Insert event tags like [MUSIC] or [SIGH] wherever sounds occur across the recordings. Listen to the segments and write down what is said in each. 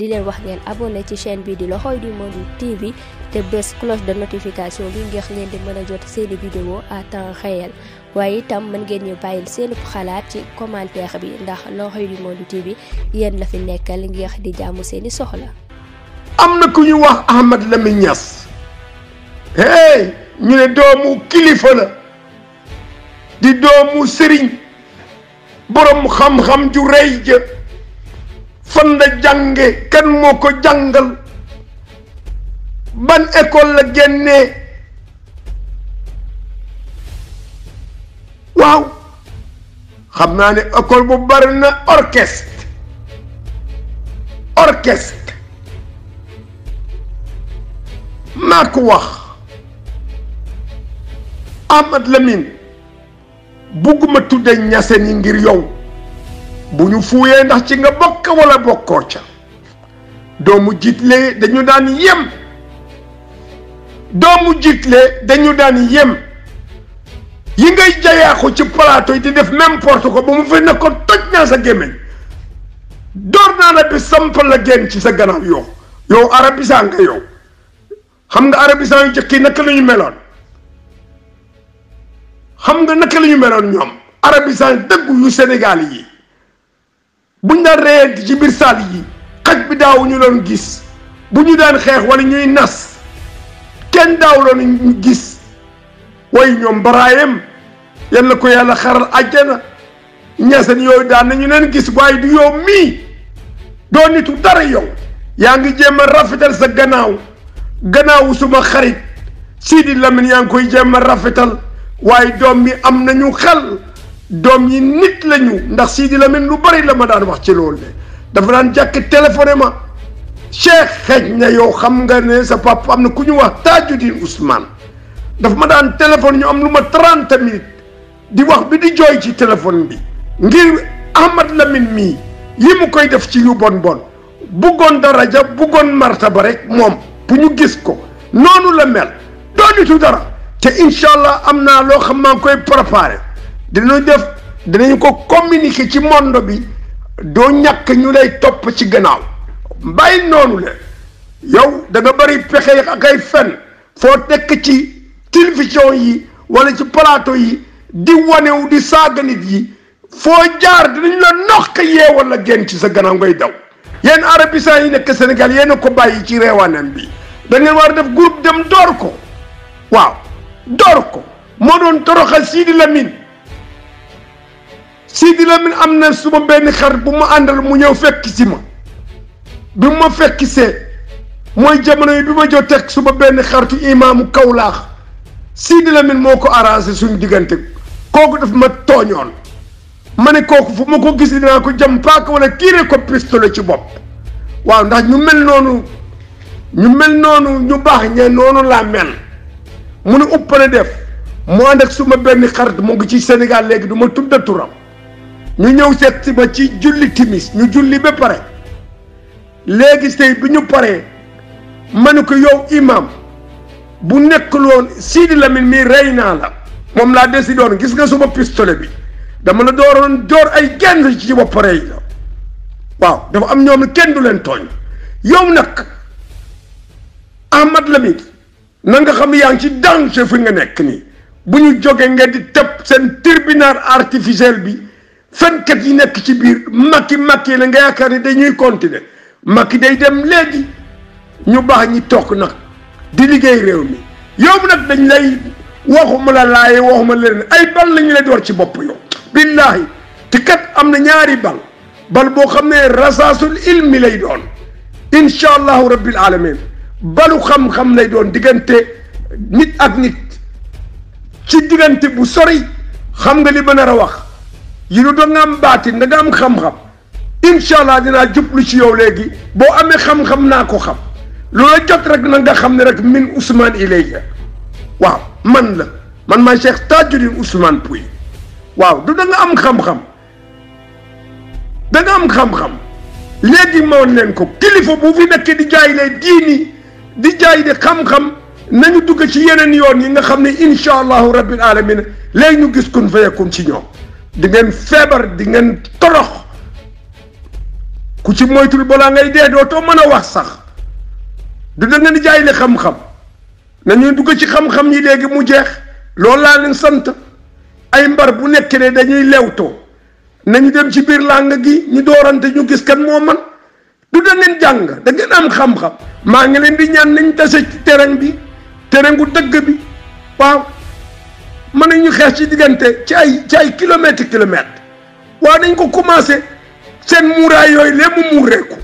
di len wax ngeen abonné ci chaîne bi di loxoy du monde tv te close cloche de notification bi ngeex ngeen di mën a jot seeni vidéo à temps réel waaye tam mën ngeen ñu bàyyil seen xalaat ci commentaire bi ndax loxoy du monde tv yeen la fi nekkal ngeex di jaamu seeni soxla amna ku ñu wax ahmad lamignas hey ñu ne doomu kilifa la di doomu serigne borom xam-xam ju reey je fan la jangé kan moko jangal ban école la génné waw xamna né école bu barna orchestre orchestre maa wax Ahmad Lamine bugguma tudé ñase ni ngir yow bu ñu fuuyee ndax ci nga bokk wala bokkoo ca doomu jitle dañu daan yem doomu jitle dañu daan yem yi ngay jayaaxu ci plateau yi di def n'importe ko ba mu fi ne ko toj naa sa gémmiñ door naa la bi sampal la génn ci sa gannaaw yow yow arabisan nga yow xam nga arabisan yu jëkk naka la meloon xam nga naka la meloon ñoom arabisan dëggu yu senegal yi buñ daan reyante ci bir sal yi xaj bi daaw ñu doon gis buñu ñu daan xeex wala ñuy nas kenn daaw loon gis way ñom baraayam yalla ko yàlla xaral aljana ñaseen yoy daan ñu leen gis way du yow mi do nitu dara yow yaa ngi jéem a rafetal sa gannaaw gannaaw suma xarit Sidi Lamine yaa ngi koy jéem a rafetal waaye doom mi am nañu xel doom yi nit lañu ndax Sidi Lamine lu bari la ma daan wax ci loolu ne dafa daan jàkk téléphone ma Cheikh xëj na yow xam nga ne sa papa am na ku ñu wax Tajudin Ousmane daf ma daan téléphone ñu am lu ma trente minutes di wax bi di jooy ci téléphone bi ngir Ahmad lamin mii yi mu koy def ci yu bon bon buggoon daraja buggoon martaba rek moom bu ñu gis ko noonu la mel dooñutu dara te incha allah am naa loo xam maa ngi koy préparé dinañu def dinañu ko communiquer ci mondo bi doo ñàkk ñu lay topp ci gannaaw bàyyi noonu la yow danga bari bëri pexe fen foo tekk ci télévision yi wala ci plateau yi di wanewu di saaga nit yi foo jaar dinañ la nox ka yeewal la génn ci sa gannaaw ngay daw yéen arabisants yi nekk Sénégal yéen ko bàyyi ci reewaanem bi da ngeen war def groupe dem door ko waaw door ko moo doon toroxal Sidi Lamine Sidi Lamine am na suma benn xar bu ma àndal mu ñëw fekk si ma bi ma fekk see mooy jamono yi bi ma jot teg suma benn xaritu imaamu Kawlaax Sidi Lamine moo ko arrangé suñ diggante kooku def ma tooñoon ma ne kooku fu ma ko gis dinaa ko jam paaka wala tiire ko pistolet ci bopp waaw ndax ñu mel noonu ñu mel noonu ñu baax ñe noonu laa mel mu ne uppale def mu ànd ak suma benn xarit mu ngi ci Sénégal léegi du ma tudda ñu ñëw seet si ma ci julli timis ñu julli ba pare léegi sëy bi ñu paree ma ne ko yow imam bu nekkul woon Sidi Lamine mii rey naa la moom laa desi doon gis nga suma pistolet bi dama la dooroon door ay genn ci bopp rey la waaw dafa am ñoom kenn du leen tooñ yow nag Ahmad Lamine na nga xam yaa ngi ci danger fi nga nekk nii bu ñu jógee nga di tëb seen tribunal artificiel bi fenkat yi nekk ci biir makki makki la nga yaakaar ne dañuy continuer makki day dem léegi ñu baax ñi toog nag di liggéey réew mi yow nag dañ lay waxuma la laaye waxuma leneen ay bal lañ lay door ci bopp yow billahi te kat am na ñaari bal bal boo xam ne rasaasul ilmi lay doon incha allahu rabbil alamin balu xam-xam lay doon diggante nit ak nit ci diggante bu sori xam nga li mën a wax yi nu da nga am baatin da nga am xam-xam incha allah dinaa jublu ci yow léegi boo amee xam-xam naa ko xam loola jot rek na nga xam ne rek min Ousmane ilayya waaw man la man maay Cheikh Tadjidine Ousmane Pouye waaw du da nga am xam-xam da nga am xam-xam léegi ma woon leen ko kilifa bu fi nekk di jaay le diini di jaay di xam-xam nañu dugg ci yeneen yoon yi nga xam ne incha allahu rabbil alamin léegi ñu gis kun fayakun ci ñoom di ngeen feebar di ngeen torox ku ci moytul balaa ngay dee too mën a wax sax du da ngeen jaay li xam-xam nañuy dugg ci xam-xam yi léegi mu jeex loolu laa leen sant ay mbar bu nekk ne dañuy lewtoo nañu dem ci biir làng gi ñu doorante ñu gis kan moo man du da ngeen jàng da ngeen am xam-xam maa ngi leen di ñaan nañ tase ci terrain bi terrain gu dëgg bi waaw mën nañu xeex ci diggante ci ay ci ay kilomètres kilomètres waaw dañ ko commencé seen muuraay yooyu lépp mu muureeku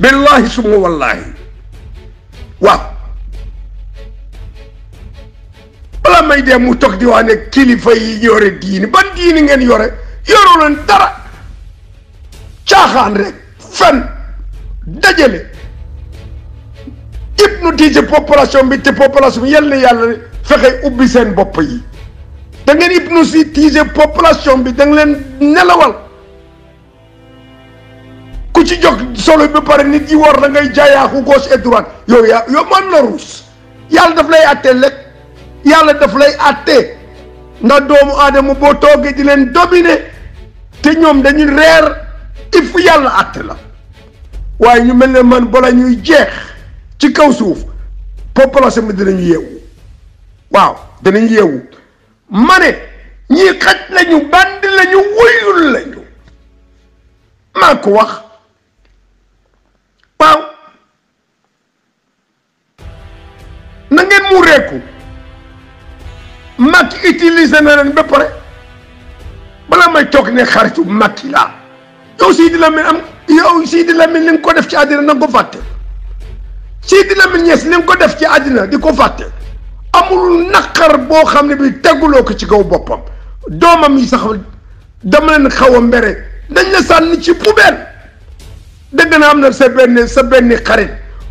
billaahi suma wallaahi waaw balaa may dee mu toog di wax ne kilifa yi yore diini ban diini ngeen yore yore leen dara caaxaan rek fen dajale hypnotiser population bi te population bi yal na yàlla fexe ubbi seen bopp yi da ngeen hypnotiser population bi da ngeen nelawal ku ci jóg solo bi pare nit yi wor da ngay jaayaaxu gauche et droite yo ya yo man na ruus yalla daf lay atte lek yalla daf lay atte na doomu adam bo toogee di len dominer te ñom dañu reer if yalla yàlla la way ñu mel ne man bala ñuy jeex ci kaw suuf population bi dinañ yewu waaw dinañ yewu ma ne ñii xaj lañu bandi lañu wuyul lañu maa ko wax waaw na ngeen mu reeku Macky utiliser na leen ba pare balaa may toog ne xaritu Macky la yow Sidi Lamine am yow Sidi Lamine li nga ko def ci àddina na nga ko fàtte Sidi Lamine li nga ko def ci àddina di ko fàtte amul nakar bo xamne bi teggulo ko ci gaw bopam domam yi sax dama len xawa mbere dañ la sann ci poubelle deug na am na sa benn sa benn xarit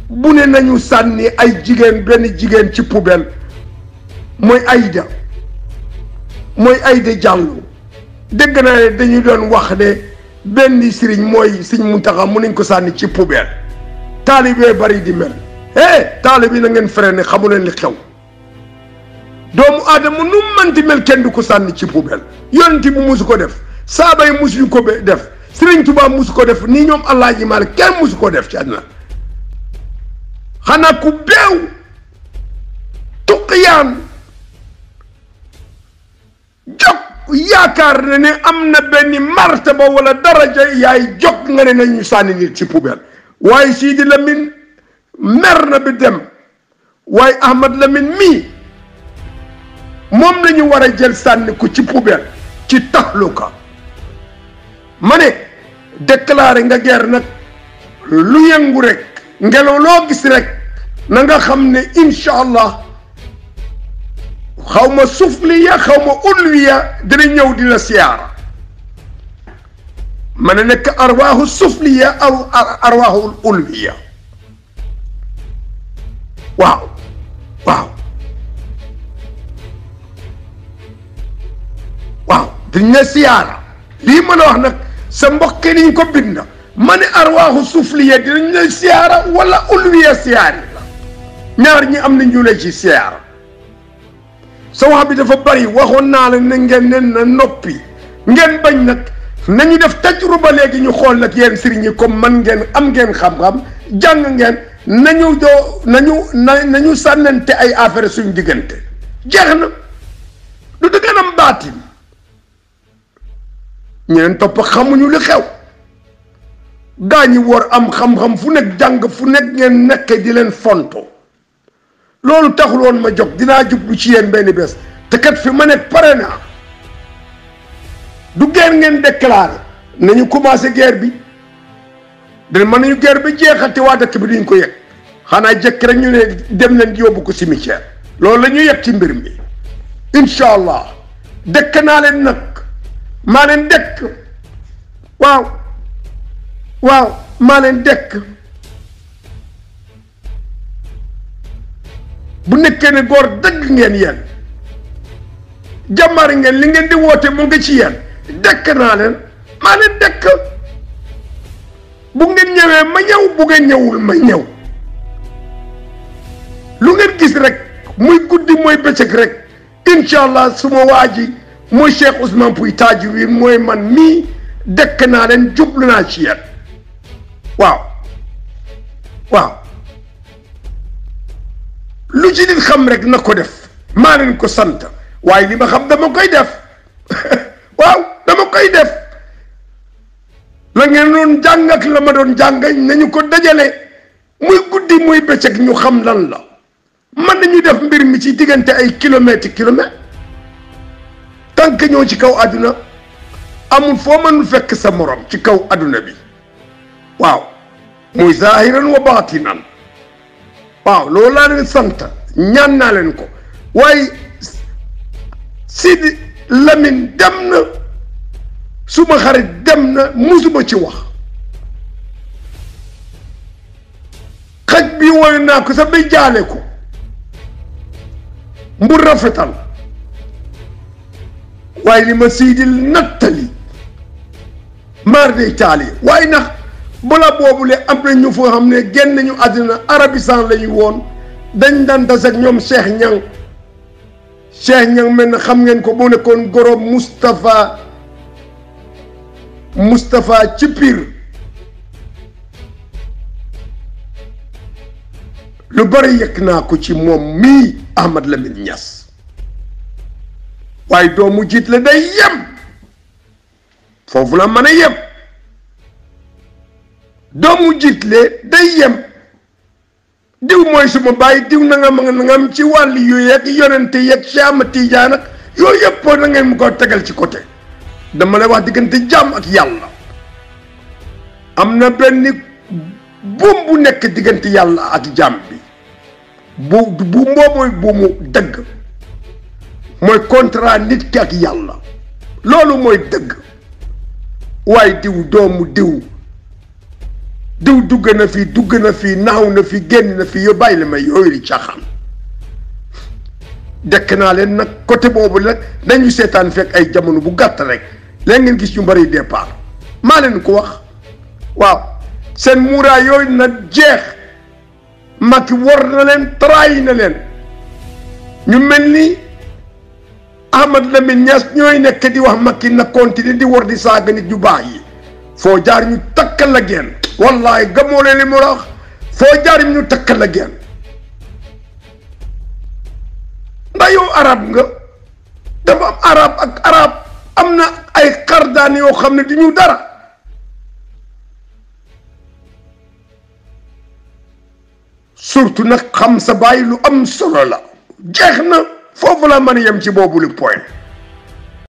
bu ne nañu sànni ay jigen benn jigen ci poubelle moy Aïda moy Aïda Diallo deug na le dañu doon wax ne benn serigne moy serigne muntaha mu nañ ko sànni ci poubelle talibé bari di mel eh taalibe na ngeen freiné xamulen li xew. doomu aadama nu manti mel kenn du ko sànni ci poubelle yonent bi musu ko def saaba yi musuñu ko def Sëriñ Tuubaa musu ko def nii ñoom Alaaji Maalik kenn musu ko def ci àddina xanaa ku beew tuqiyaan jog yaakaar ne ne am na benn martaba wala daraja yaay jog nga ne nañu sànni nit ci poubelle waaye Sidi Lamine na bi dem waaye Ahmad Lamine mii moom la ñu war a jël sànni ko ci poubelle ci taxluka ma ne déclaré nga guerre nag lu yëngu rekk ngelaw loo gis rek na nga xam ne incha xawma xaw sufliya xaw ma ulwiya dina ñëw di la siyaara mën nekk arwaahu sufliya aw arwaahu ulwiya waaw waaw dañ ne siyaara lii mën a wax nag sa mbokk niñ ko bind na ma ne arwaaxu suufliye dinañ lay siyaara wala ulwiye siyaar ñaar ñi am na ñu lay ci siyaara sa wax bi dafa bari waxoon naa la ne ngeen ne na noppi ngeen bañ nag nañu def tajruba léegi ñu xool nag yéen sëriñ yi comme man ngeen am ngeen xam-xam jàng ngeen nañu doo nañu na nañu sànnante ay affaire suñu diggante jeex na du dëgganam baatin ñeen top topp xamuñu li xew gañu wor am xam-xam fu nek jàng fu nek ngeen nek di len fonto loolu taxul won ma jóg dinaa jublu ci yéen ben bés te kat fi ma nekk pare du guerre ngeen déclarer nañu commencé guerre bi dañ man ñu guerre bi jéxati wa dëkk bi duñ ko yëg xana jëk rek ñu ne dem leen yóbbu ko cimetière loolu lañu ñu ci mbir mi inshallah dëkk na leen nak maa leen dekk waaw waaw maa leen dekk bu nekkee ne góor dëgg ngeen yéen jàmmaari ngeen li ngeen di woote mu ngi ci yéen dekk naa leen maa leen dekk bu ngeen ñëwee ma ñëw bu ngeen ñëwul ma ñëw lu ngeen gis rek muy guddi mooy bëccëg rek incha allah suma waa ji mooy Cheikh Ousmane Pouye wi mooy man mii dëkk naa leen jublu naa ci yéen waaw waaw lu ci nit xam rek na ko def maa leen ko sant waaye li ma xam dama koy def [LAUGHS] waaw dama koy def la ngeen doon jàng ak la ma doon jàng nañu ko dajale muy guddi muy bëccëg ñu xam lan la mën nañu def mbir mi ci diggante ay kilomètres kilomètres tant que ci kaw àdduna amul foo mënul fekk sa morom ci kaw àdduna bi waaw muy zahiran wa baatinan waaw loolu laa sant ñaan naa leen ko waaye Sidi Lamine dem na suma xarit dem na musuma ci wax xaj bi woy naa ko sa bay jaale ko mbur rafetal واي لمسيد النتلي ماردي تالي واي نخ بلا بوبو لي امنا نيو فو خامني ген نيو ادنا عربي سان لاي وون دنج دان داس اك نيوم شيخ نيان شيخ نيان من خام نين كو بو نكون غروب مصطفى مصطفى تشبير لو بري يكنا كو تي موم مي احمد لامين نياس waaye doomu jiit la day yem foofu la mën a yem doomu jiit la day yem diw mooy suma bàyyi diw na nga ma nga am ci wàll yu yeeg yonente yeeg Cheikh Ahmed Tidiane ak yooyu yëpp na ngeen ko tegal ci côté dama lay wax diggante jàmm ak yàlla am na benn buum bu nekk diggante yàlla ak jàmm bi bu bu mooy buumu dëgg mooy contrat nit ki ak yàlla loolu mooy dëgg waaye diw doomu diw diw dugg na fii dugg na fii naaw na fi génn na fi yóbbaay la may yooyu di caaxaan dekk naa leen nag côté boobu nag nañu seetaan fekk ay jamono bu gàtt rek leen ngeen gis ñu bëri départ maa leen ko wax waaw seen muuraay yooyu nag jeex Macky war na leen trahi na leen ñu mel ni Ahmad Lamine Niass ñoy nek di wax makki na konti di wor di sag nit ju baax yi foo jaar ñu takkal la geen wallahi gëmoo li mu wax fo jaar ñu takkal la geen ndayu arab nga dafa am arab ak arab amna ay xardaan yo xamne di ñu dara surtout nak xam sa bàyyi lu am solo la jeexna foofu la mën a yem ci boobu lu point